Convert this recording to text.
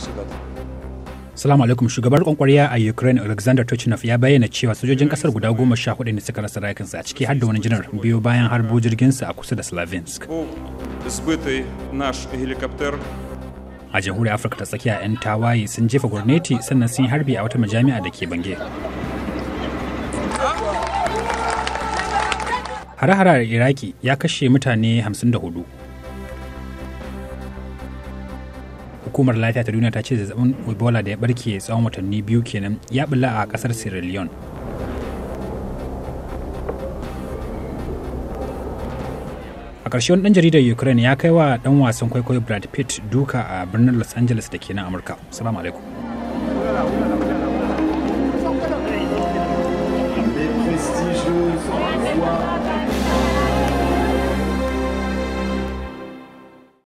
su Salamu alaikum shugabar kwankwariya a Ukraine Alexander Tuchinov ya bayyana cewa sojojin kasar guda goma sha hudu ne suka rasa rayukansu a ciki har da wani jinar biyo bayan harbo sa a kusa da Slavinsk. A jamhuriyar Afirka ta tsakiya 'yan tawaye sun jefa gwamnati sannan sun harbi a wata majami'a da ke Bange. Hare-hare Iraki ya kashe mutane 54. hukumar lafiya ta duniya ta ce zazzabin ebola da ya barke tsawon watanni biyu kenan ya bula a kasar sierra leone a ƙarshe wani ɗan jaridar ukraine ya kai wa ɗan wasan kwaikwayo brad pitt duka a birnin los angeles da ke nan amurka salamu alaikum